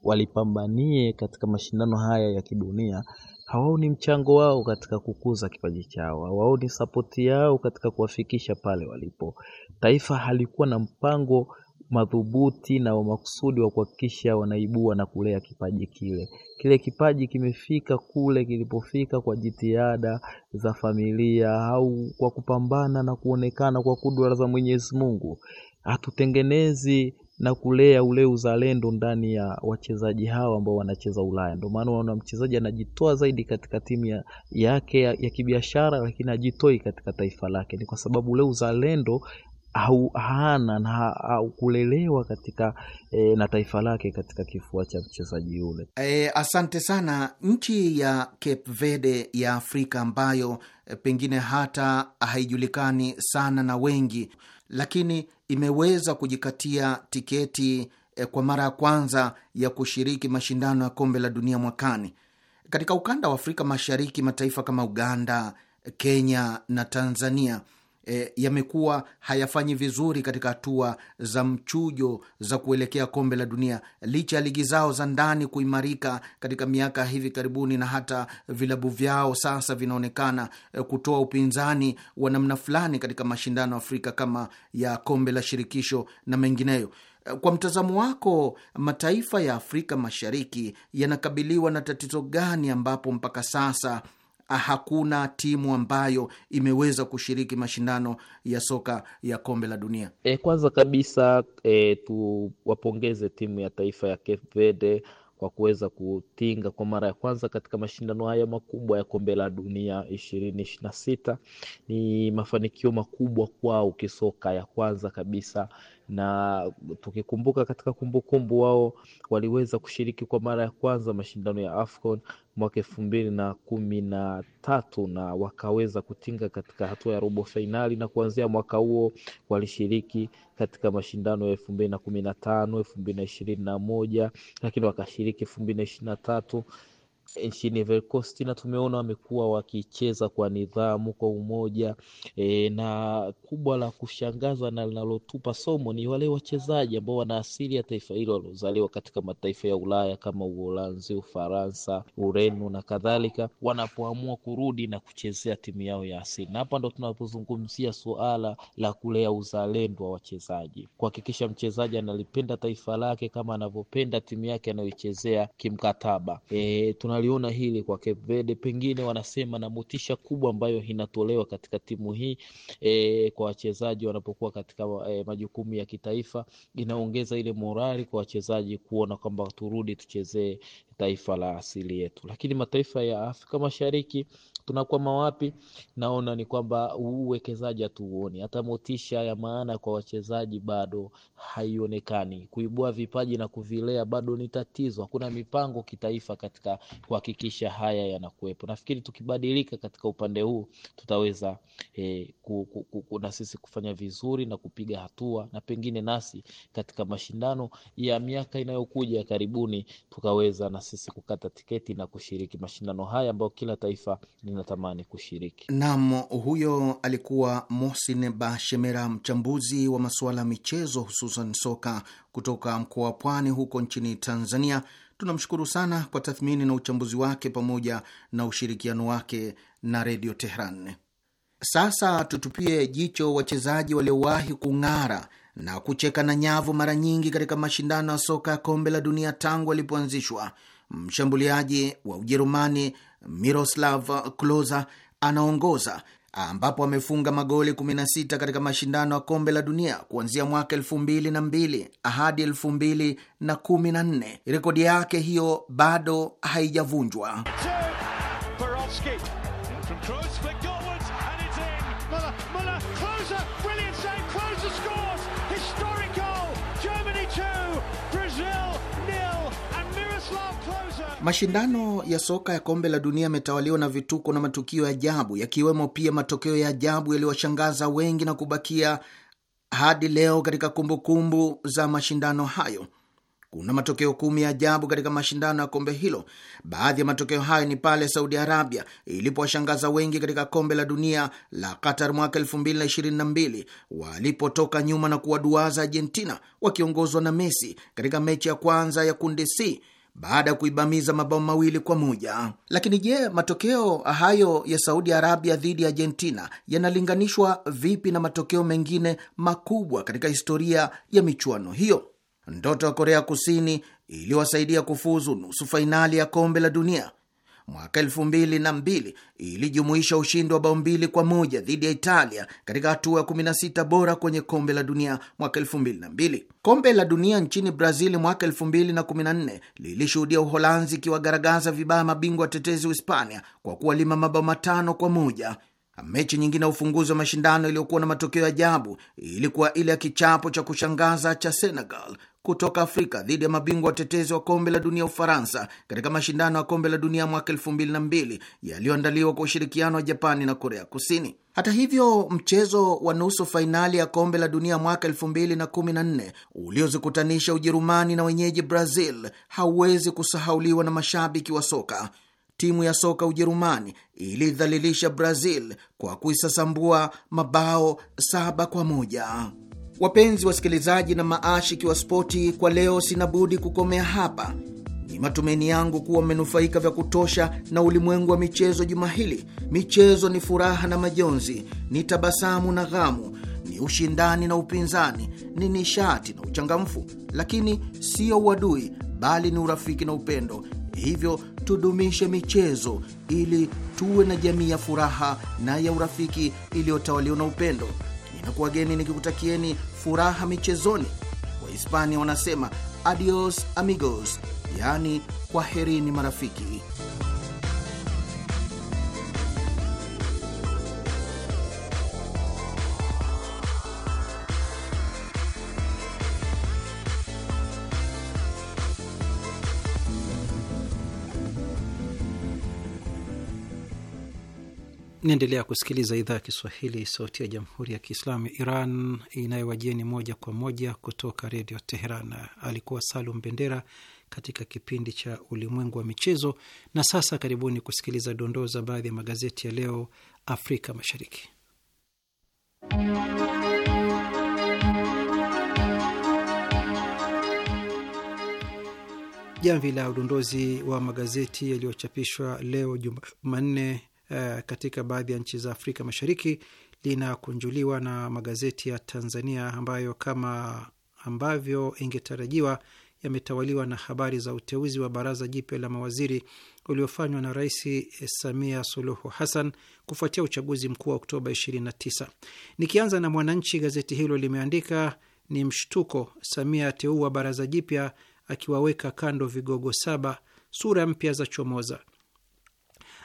walipambanie katika mashindano haya ya kidunia hawaoni mchango wao katika kukuza kipaji chao hawaoni sapoti yao katika kuwafikisha pale walipo taifa halikuwa na mpango madhubuti na wa makusudi wa kuhakikisha wanaibua na kulea kipaji kile. Kile kipaji kimefika kule kilipofika kwa jitihada za familia au kwa kupambana na kuonekana kwa kudura za Mwenyezi Mungu. Hatutengenezi na kulea ule uzalendo ndani ya wachezaji hawa ambao wanacheza Ulaya. Ndio maana unaona mchezaji anajitoa zaidi katika timu ya, yake ya, ya kibiashara, lakini ajitoi katika taifa lake, ni kwa sababu ule uzalendo haana na kulelewa katika e, na taifa lake katika kifua cha mchezaji yule. E, asante sana. Nchi ya Cape Verde ya Afrika ambayo e, pengine hata haijulikani sana na wengi, lakini imeweza kujikatia tiketi e, kwa mara ya kwanza ya kushiriki mashindano ya kombe la dunia mwakani. Katika ukanda wa Afrika Mashariki, mataifa kama Uganda, Kenya na Tanzania e, yamekuwa hayafanyi vizuri katika hatua za mchujo za kuelekea kombe la dunia licha ya ligi zao za ndani kuimarika katika miaka hivi karibuni, na hata vilabu vyao sasa vinaonekana e, kutoa upinzani wa namna fulani katika mashindano Afrika kama ya kombe la shirikisho na mengineyo. E, kwa mtazamo wako, mataifa ya Afrika Mashariki yanakabiliwa na tatizo gani ambapo mpaka sasa Ah, hakuna timu ambayo imeweza kushiriki mashindano ya soka ya kombe la dunia. E, kwanza kabisa e, tuwapongeze timu ya taifa ya Cape Verde kwa kuweza kutinga kwa mara ya kwanza katika mashindano haya makubwa ya kombe la dunia ishirini ishirini na sita. Ni mafanikio makubwa kwao kisoka, ya kwanza kabisa na tukikumbuka katika kumbukumbu kumbu, wao waliweza kushiriki kwa mara ya kwanza mashindano ya AFCON mwaka elfu mbili na kumi na tatu na wakaweza kutinga katika hatua ya robo fainali, na kuanzia mwaka huo walishiriki katika mashindano ya elfu mbili na kumi na tano elfu mbili na ishirini na moja lakini wakashiriki elfu mbili na ishirini na tatu nchini eh, Ivory na tumeona wamekuwa wakicheza kwa nidhamu, kwa umoja e, na kubwa la kushangazwa na linalotupa somo ni wale wachezaji ambao wana asili ya taifa hilo waliozaliwa katika mataifa ya Ulaya kama Uholanzi, Ufaransa, Ureno na kadhalika, wanapoamua kurudi na kuchezea timu yao ya asili. Na hapa ndo tunapozungumzia suala la kulea uzalendo wa wachezaji, kuhakikisha mchezaji analipenda taifa lake kama anavyopenda timu yake anayoichezea kimkataba. E, tuna wanaliona hili kwa Cape Verde, pengine wanasema na motisha kubwa ambayo inatolewa katika timu hii e, kwa wachezaji wanapokuwa katika e, majukumu ya kitaifa, inaongeza ile morali kwa wachezaji kuona kwamba turudi tuchezee taifa la asili yetu. Lakini mataifa ya Afrika Mashariki tunakwama wapi? Naona ni kwamba uwekezaji hatuuoni, hata motisha ya maana kwa wachezaji bado haionekani. Kuibua vipaji na kuvilea bado ni tatizo. Hakuna mipango kitaifa katika kuhakikisha haya yanakuwepo. Nafikiri tukibadilika katika upande huu tutaweza eh, ku, ku, ku, ku, na sisi kufanya vizuri na kupiga hatua, na pengine nasi katika mashindano ya miaka inayokuja ya karibuni tukaweza na sisi kukata tiketi na kushiriki mashindano haya ambayo kila taifa lina zinatamani kushiriki. Naam, huyo alikuwa Mohsin Bashemera, mchambuzi wa masuala ya michezo, hususan soka kutoka mkoa wa Pwani huko nchini Tanzania. Tunamshukuru sana kwa tathmini na uchambuzi wake pamoja na ushirikiano wake na Redio Tehran. Sasa tutupie jicho wachezaji waliowahi kung'ara na kucheka na nyavu mara nyingi katika mashindano ya soka ya kombe la dunia tangu alipoanzishwa mshambuliaji wa Ujerumani Miroslav Klose anaongoza ambapo amefunga magoli 16 katika mashindano ya kombe la dunia kuanzia mwaka 2002 hadi 2014. Rekodi yake hiyo bado haijavunjwa. Mashindano ya soka ya kombe la dunia yametawaliwa na vituko na matukio ya ajabu, yakiwemo pia matokeo ya ajabu yaliyowashangaza wengi na kubakia hadi leo katika kumbukumbu kumbu za mashindano hayo. Kuna matokeo kumi ya ajabu katika mashindano ya kombe hilo. Baadhi ya matokeo hayo ni pale Saudi Arabia ilipowashangaza wengi katika kombe la dunia la Qatar mwaka 2022 walipotoka nyuma na kuwaduaza Argentina wakiongozwa na Messi katika mechi ya kwanza ya kundi C baada ya kuibamiza mabao mawili kwa moja. Lakini je, matokeo hayo ya Saudi Arabia dhidi ya Argentina yanalinganishwa vipi na matokeo mengine makubwa katika historia ya michuano hiyo? Ndoto ya Korea Kusini iliwasaidia kufuzu nusu fainali ya kombe la dunia mwaka elfu mbili na mbili ilijumuisha ushindi wa bao mbili kwa moja dhidi ya Italia katika hatua ya 16 bora kwenye kombe la dunia mwaka elfu mbili na mbili. Kombe la dunia nchini Brazil mwaka elfu mbili na kumi na nne lilishuhudia Uholanzi ikiwagaragaza vibaya mabingwa watetezi Uhispania kwa kuwalima mabao matano kwa moja Mechi nyingine ya ufunguzi wa mashindano iliyokuwa na matokeo ya ajabu ilikuwa ile ya kichapo cha kushangaza cha Senegal kutoka Afrika dhidi ya mabingwa watetezi wa kombe la dunia Ufaransa katika mashindano ya kombe la dunia mwaka elfu mbili na mbili yaliyoandaliwa kwa ushirikiano wa Japani na Korea Kusini. Hata hivyo, mchezo wa nusu fainali ya kombe la dunia mwaka elfu mbili na kumi na nne uliozikutanisha Ujerumani na wenyeji Brazil hauwezi kusahauliwa na mashabiki wa soka timu ya soka Ujerumani ilidhalilisha Brazil kwa kuisasambua mabao saba kwa moja. Wapenzi wasikilizaji na maashiki wa spoti, kwa leo sina budi kukomea hapa. Ni matumaini yangu kuwa mmenufaika vya kutosha na ulimwengu wa michezo juma hili. Michezo ni furaha na majonzi, ni tabasamu na ghamu, ni ushindani na upinzani, ni nishati na uchangamfu, lakini sio uadui, bali ni urafiki na upendo Hivyo tudumishe michezo ili tuwe na jamii ya furaha na ya urafiki iliyotawaliwa na upendo. Ninakuwageni nikikutakieni furaha michezoni. Wahispania wanasema adios amigos, yaani kwaherini marafiki. Naendelea kusikiliza idhaa ya Kiswahili, sauti ya jamhuri ya kiislamu ya Iran inayowajieni moja kwa moja kutoka redio Teheran. Alikuwa Salum Bendera katika kipindi cha ulimwengu wa michezo, na sasa karibuni kusikiliza dondoo za baadhi ya magazeti ya leo Afrika Mashariki. Jamvi la udondozi wa magazeti yaliyochapishwa leo Jumanne Eh, katika baadhi ya nchi za Afrika Mashariki linakunjuliwa na magazeti ya Tanzania ambayo kama ambavyo ingetarajiwa yametawaliwa na habari za uteuzi wa baraza jipya la mawaziri uliofanywa na Rais Samia Suluhu Hassan kufuatia uchaguzi mkuu wa Oktoba 29. Nikianza na Mwananchi, gazeti hilo limeandika ni mshtuko, Samia ateua baraza jipya akiwaweka kando vigogo saba, sura mpya za chomoza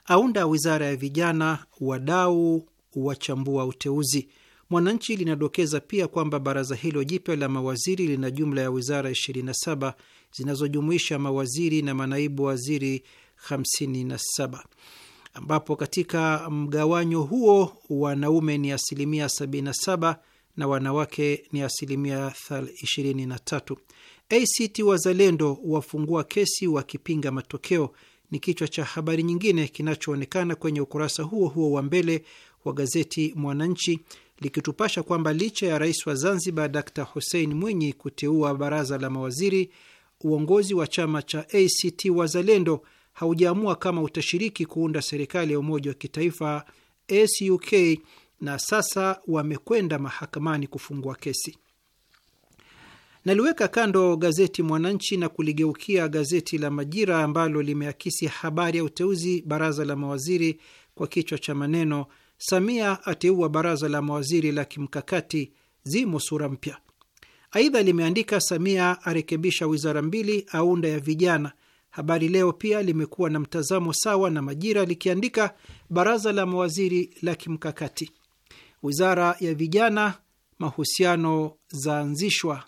aunda wizara ya vijana, wadau wachambua uteuzi. Mwananchi linadokeza pia kwamba baraza hilo jipya la mawaziri lina jumla ya wizara 27 zinazojumuisha mawaziri na manaibu waziri 57 ambapo katika mgawanyo huo wanaume ni asilimia 77 na wanawake ni asilimia 23. ACT Wazalendo wafungua kesi wakipinga matokeo ni kichwa cha habari nyingine kinachoonekana kwenye ukurasa huo huo wa mbele wa gazeti Mwananchi, likitupasha kwamba licha ya rais wa Zanzibar Dkt Hussein Mwinyi kuteua baraza la mawaziri, uongozi wa chama cha ACT Wazalendo haujaamua kama utashiriki kuunda serikali ya umoja wa kitaifa SUK, na sasa wamekwenda mahakamani kufungua kesi. Naliweka kando gazeti Mwananchi na kuligeukia gazeti la Majira ambalo limeakisi habari ya uteuzi baraza la mawaziri kwa kichwa cha maneno, Samia ateua baraza la mawaziri la kimkakati, zimo sura mpya. Aidha limeandika Samia arekebisha wizara mbili, aunda ya vijana. Habari Leo pia limekuwa na mtazamo sawa na Majira likiandika baraza la mawaziri la kimkakati, wizara ya vijana, mahusiano zaanzishwa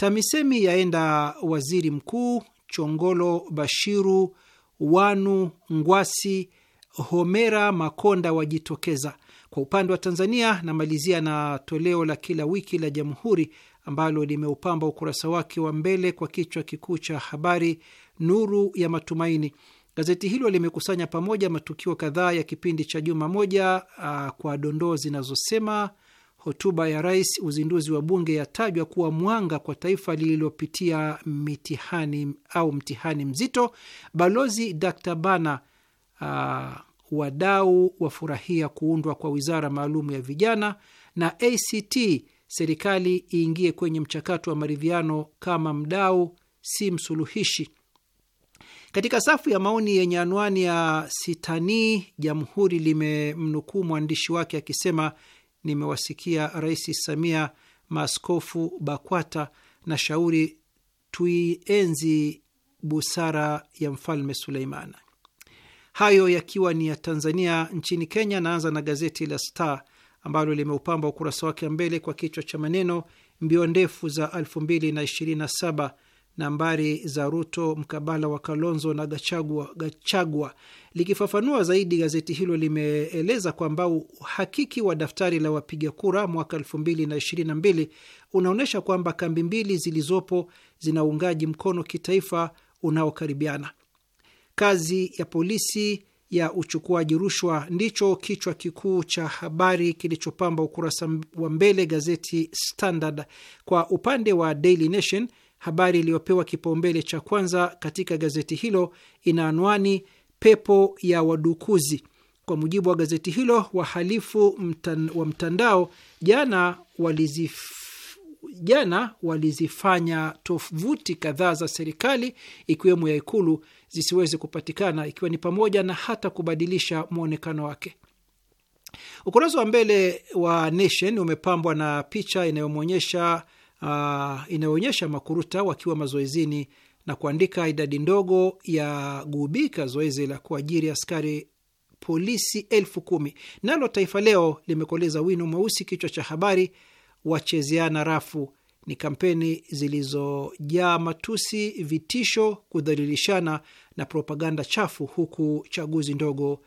TAMISEMI yaenda waziri mkuu Chongolo Bashiru, Wanu Ngwasi, Homera Makonda wajitokeza. Kwa upande wa Tanzania, namalizia na toleo la kila wiki la Jamhuri ambalo limeupamba ukurasa wake wa mbele kwa kichwa kikuu cha habari Nuru ya Matumaini. Gazeti hilo limekusanya pamoja matukio kadhaa ya kipindi cha juma moja, uh, kwa dondoo zinazosema Hotuba ya rais uzinduzi wa bunge yatajwa kuwa mwanga kwa taifa lililopitia mitihani au mtihani mzito. Balozi Dr. Bana uh, wadau wafurahia kuundwa kwa wizara maalum ya vijana na ACT, serikali iingie kwenye mchakato wa maridhiano kama mdau, si msuluhishi. Katika safu ya maoni yenye anwani ya sitanii, Jamhuri limemnukuu mwandishi wake akisema nimewasikia Rais Samia, maaskofu BAKWATA na shauri tuienzi busara ya Mfalme Suleimani. Hayo yakiwa ni ya Tanzania. Nchini Kenya, naanza na gazeti la Star ambalo limeupamba ukurasa wake mbele kwa kichwa cha maneno mbio ndefu za 2027 nambari za Ruto mkabala wa Kalonzo na Gachagua, Gachagua. Likifafanua zaidi, gazeti hilo limeeleza kwamba uhakiki wa daftari la wapiga kura mwaka mbili unaonyesha kwamba kambi mbili zilizopo zina uungaji mkono kitaifa unaokaribiana. Kazi ya polisi ya uchukuaji rushwa ndicho kichwa kikuu cha habari kilichopamba ukurasa wa mbele gazeti Standard. Kwa upande wa Daily Nation, Habari iliyopewa kipaumbele cha kwanza katika gazeti hilo ina anwani pepo ya wadukuzi. Kwa mujibu wa gazeti hilo, wahalifu mtan, wa mtandao jana walizif, jana walizifanya tovuti kadhaa za serikali ikiwemo ya Ikulu zisiweze kupatikana ikiwa ni pamoja na hata kubadilisha mwonekano wake. Ukurasa wa mbele wa Nation umepambwa na picha inayomwonyesha uh, inayoonyesha makuruta wakiwa mazoezini na kuandika idadi ndogo ya gubika zoezi la kuajiri askari polisi elfu kumi. Nalo Taifa Leo limekoleza wino mweusi kichwa cha habari, wachezeana rafu ni kampeni zilizojaa matusi, vitisho, kudhalilishana na propaganda chafu, huku chaguzi ndogo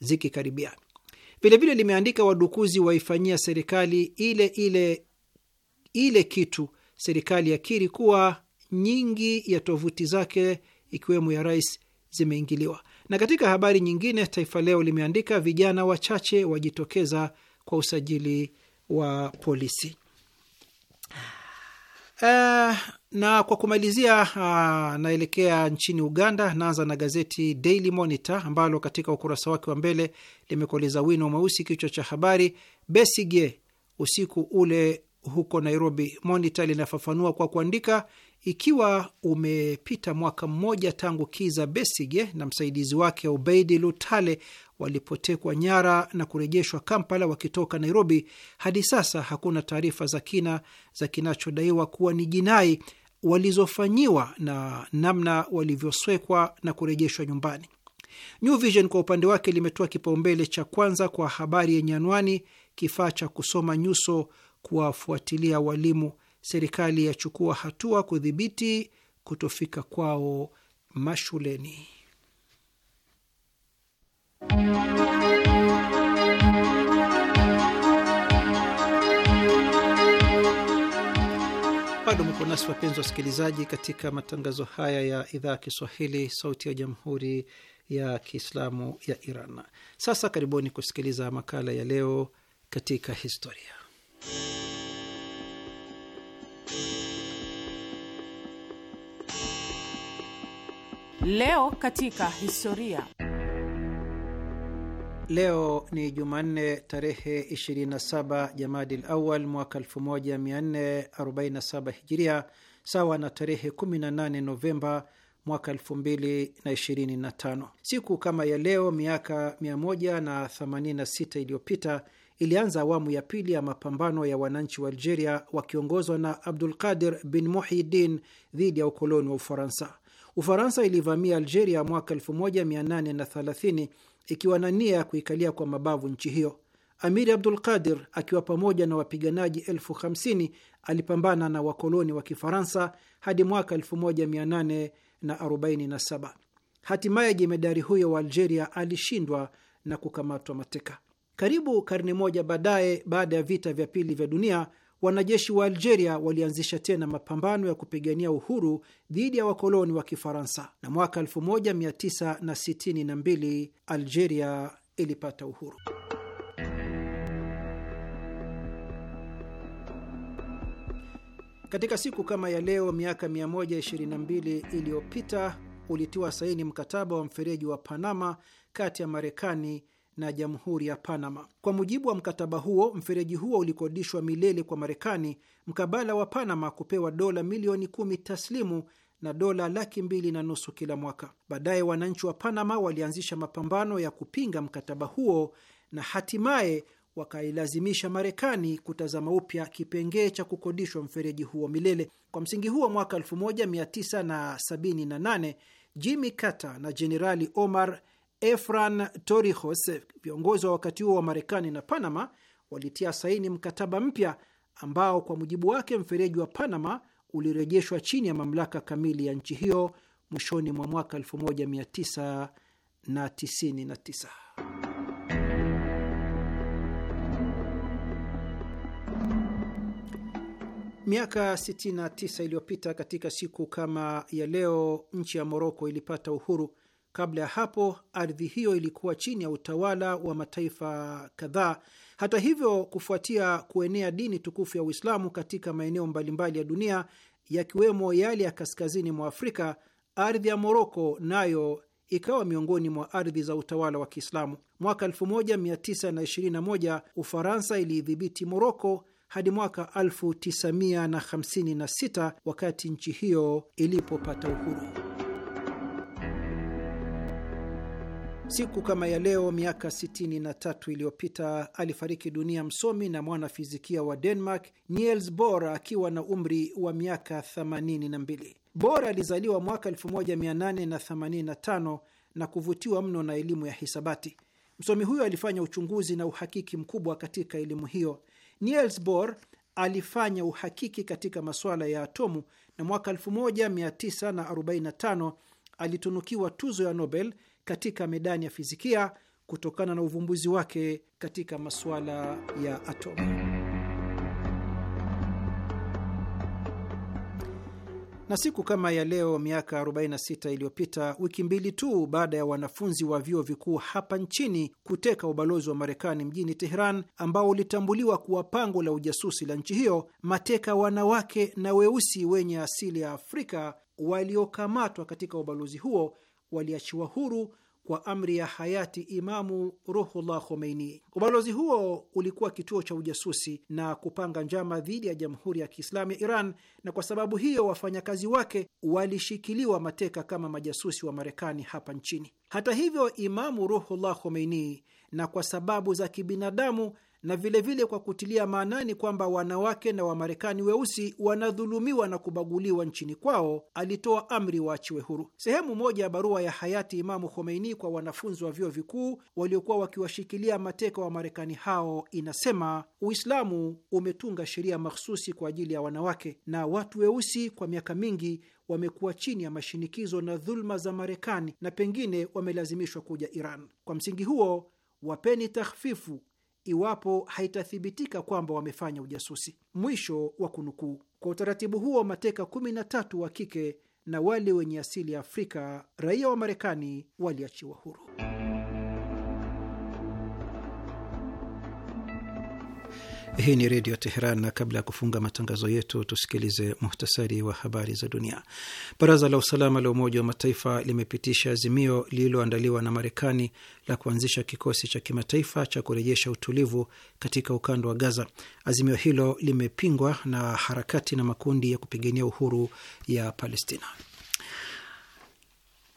zikikaribia. Vilevile limeandika wadukuzi waifanyia serikali ile ile ile kitu, serikali yakiri kuwa nyingi ya tovuti zake ikiwemo ya rais zimeingiliwa. Na katika habari nyingine, Taifa Leo limeandika vijana wachache wajitokeza kwa usajili wa polisi. Uh, na kwa kumalizia, uh, naelekea nchini Uganda. Naanza na gazeti Daily Monitor ambalo katika ukurasa wake wa mbele limekoleza wino mweusi kichwa cha habari Besigye usiku ule huko Nairobi. Monita linafafanua kwa kuandika, ikiwa umepita mwaka mmoja tangu Kiza Besige na msaidizi wake Ubeidi Lutale walipotekwa nyara na kurejeshwa Kampala wakitoka Nairobi, hadi sasa hakuna taarifa za kina za kinachodaiwa kuwa ni jinai walizofanyiwa na namna walivyoswekwa na kurejeshwa nyumbani. New Vision kwa upande wake limetoa kipaumbele cha kwanza kwa habari yenye anwani kifaa cha kusoma nyuso kuwafuatilia walimu. Serikali yachukua hatua kudhibiti kutofika kwao mashuleni. Bado mko nasi wapenzi wasikilizaji, katika matangazo haya ya idhaa ya Kiswahili, Sauti ya Jamhuri ya Kiislamu ya Iran. Sasa karibuni kusikiliza makala ya leo, katika historia Leo katika historia. Leo ni Jumanne tarehe 27 Jamadil Awal mwaka 1447 Hijiria, sawa na tarehe 18 Novemba mwaka 2025. Siku kama ya leo miaka 186 iliyopita ilianza awamu ya pili ya mapambano ya wananchi wa Algeria wakiongozwa na Abdulqadir bin Muhyiddin dhidi ya ukoloni wa Ufaransa. Ufaransa ilivamia Algeria mwaka 1830 ikiwa na nia ya kuikalia kwa mabavu nchi hiyo. Amiri Abdul Qadir akiwa pamoja na wapiganaji elfu hamsini alipambana na wakoloni wa Kifaransa hadi mwaka 1847. Hatimaye jemedari huyo wa Algeria alishindwa na kukamatwa mateka. Karibu karne moja baadaye, baada ya vita vya pili vya dunia, wanajeshi wa Algeria walianzisha tena mapambano ya kupigania uhuru dhidi ya wakoloni wa Kifaransa, na mwaka 1962 Algeria ilipata uhuru. Katika siku kama ya leo miaka 122 iliyopita ulitiwa saini mkataba wa mfereji wa Panama kati ya Marekani na jamhuri ya Panama. Kwa mujibu wa mkataba huo, mfereji huo ulikodishwa milele kwa Marekani mkabala wa Panama kupewa dola milioni kumi taslimu na dola laki mbili na nusu kila mwaka. Baadaye wananchi wa Panama walianzisha mapambano ya kupinga mkataba huo na hatimaye wakailazimisha Marekani kutazama upya kipengee cha kukodishwa mfereji huo milele. Kwa msingi huo, mwaka 1978 Jimmy Carter na Jenerali Omar Efran Torijos, viongozi wa wakati huo wa Marekani na Panama walitia saini mkataba mpya ambao kwa mujibu wake mfereji wa Panama ulirejeshwa chini ya mamlaka kamili ya nchi hiyo mwishoni mwa mwaka 1999. Miaka 69 iliyopita katika siku kama ya leo, nchi ya Moroko ilipata uhuru Kabla ya hapo ardhi hiyo ilikuwa chini ya utawala wa mataifa kadhaa. Hata hivyo, kufuatia kuenea dini tukufu ya Uislamu katika maeneo mbalimbali ya dunia yakiwemo yale ya kaskazini mwa Afrika, ardhi ya Moroko nayo ikawa miongoni mwa ardhi za utawala wa Kiislamu. Mwaka 1921 Ufaransa iliidhibiti Moroko hadi mwaka 1956 wakati nchi hiyo ilipopata uhuru. Siku kama ya leo miaka 63 iliyopita alifariki dunia msomi na mwanafizikia wa Denmark Niels Bohr akiwa na umri wa miaka 82. Bohr alizaliwa mwaka 1885 na kuvutiwa mno na elimu ya hisabati. Msomi huyo alifanya uchunguzi na uhakiki mkubwa katika elimu hiyo. Niels Bohr alifanya uhakiki katika masuala ya atomu na mwaka 1945 alitunukiwa tuzo ya Nobel katika medani ya fizikia kutokana na uvumbuzi wake katika masuala ya atomu. Na siku kama ya leo miaka 46 iliyopita, wiki mbili tu baada ya wanafunzi wa vyuo vikuu hapa nchini kuteka ubalozi wa Marekani mjini Teheran, ambao ulitambuliwa kuwa pango la ujasusi la nchi hiyo, mateka wanawake na weusi wenye asili ya Afrika waliokamatwa katika ubalozi huo waliachiwa huru kwa amri ya hayati Imamu Ruhullah Khomeini. Ubalozi huo ulikuwa kituo cha ujasusi na kupanga njama dhidi ya Jamhuri ya Kiislamu ya Iran, na kwa sababu hiyo wafanyakazi wake walishikiliwa mateka kama majasusi wa Marekani hapa nchini. Hata hivyo, Imamu Ruhullah Khomeini, na kwa sababu za kibinadamu na vilevile vile kwa kutilia maanani kwamba wanawake na Wamarekani weusi wanadhulumiwa na kubaguliwa nchini kwao, alitoa amri waachiwe huru. Sehemu moja ya barua ya hayati Imamu Khomeini kwa wanafunzi wa vyuo vikuu waliokuwa wakiwashikilia mateka wa Marekani hao inasema, Uislamu umetunga sheria mahsusi kwa ajili ya wanawake na watu weusi kwa miaka mingi wamekuwa chini ya mashinikizo na dhuluma za Marekani na pengine wamelazimishwa kuja Iran. Kwa msingi huo, wapeni tahfifu iwapo haitathibitika kwamba wamefanya ujasusi. Mwisho wa kunukuu. Kwa utaratibu huo, mateka 13 wa kike na wale wenye asili ya Afrika raia wa Marekani waliachiwa huru. Hii ni Redio Teheran, na kabla ya kufunga matangazo yetu tusikilize muhtasari wa habari za dunia. Baraza la Usalama la Umoja wa Mataifa limepitisha azimio lililoandaliwa na Marekani la kuanzisha kikosi cha kimataifa cha kurejesha utulivu katika ukanda wa Gaza. Azimio hilo limepingwa na harakati na makundi ya kupigania uhuru ya Palestina.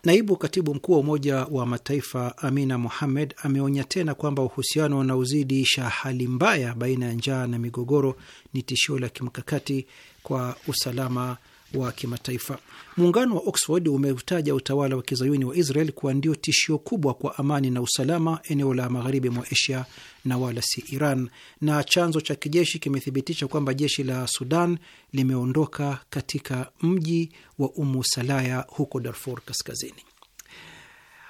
Naibu katibu mkuu wa Umoja wa Mataifa Amina Mohamed ameonya tena kwamba uhusiano unaozidisha hali mbaya baina ya njaa na migogoro ni tishio la kimkakati kwa usalama wa kimataifa. Muungano wa Oxford umeutaja utawala wa kizayuni wa Israel kuwa ndio tishio kubwa kwa amani na usalama eneo la magharibi mwa Asia na wala si Iran, na chanzo cha kijeshi kimethibitisha kwamba jeshi la Sudan limeondoka katika mji wa Umu Salaya huko Darfur Kaskazini.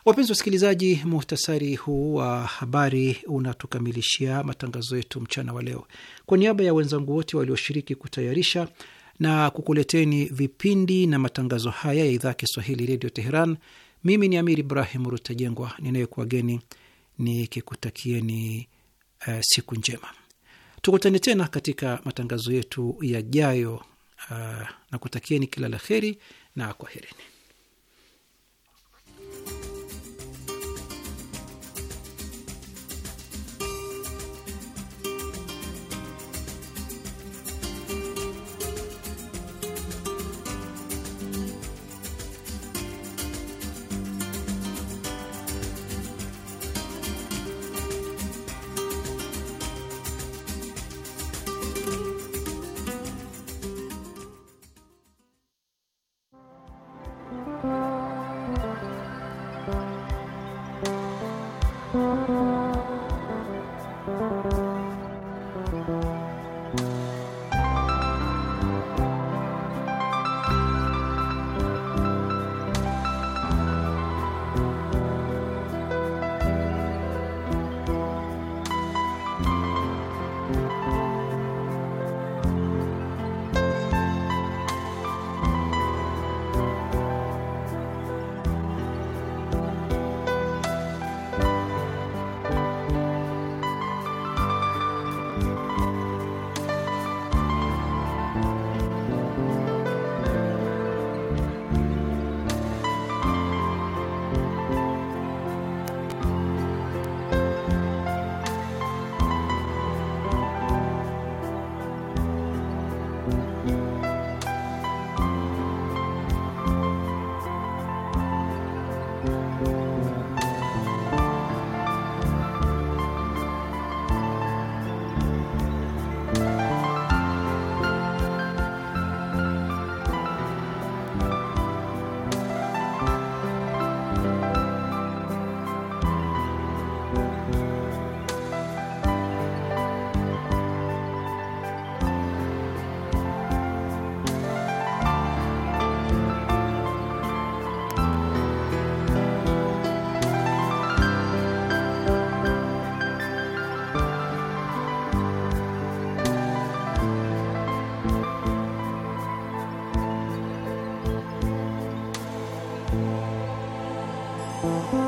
Wapenzi wasikilizaji, muhtasari huu wa habari unatukamilishia matangazo yetu mchana wa leo. Kwa niaba ya wenzangu wote walioshiriki kutayarisha na kukuleteni vipindi na matangazo haya ya idhaa ya Kiswahili Redio Teheran. Mimi ni Amir Ibrahim Rutajengwa ninayekuwageni nikikutakieni uh, siku njema. Tukutane tena katika matangazo yetu yajayo, uh, na kutakieni kila la heri na kwaherini. Thank you.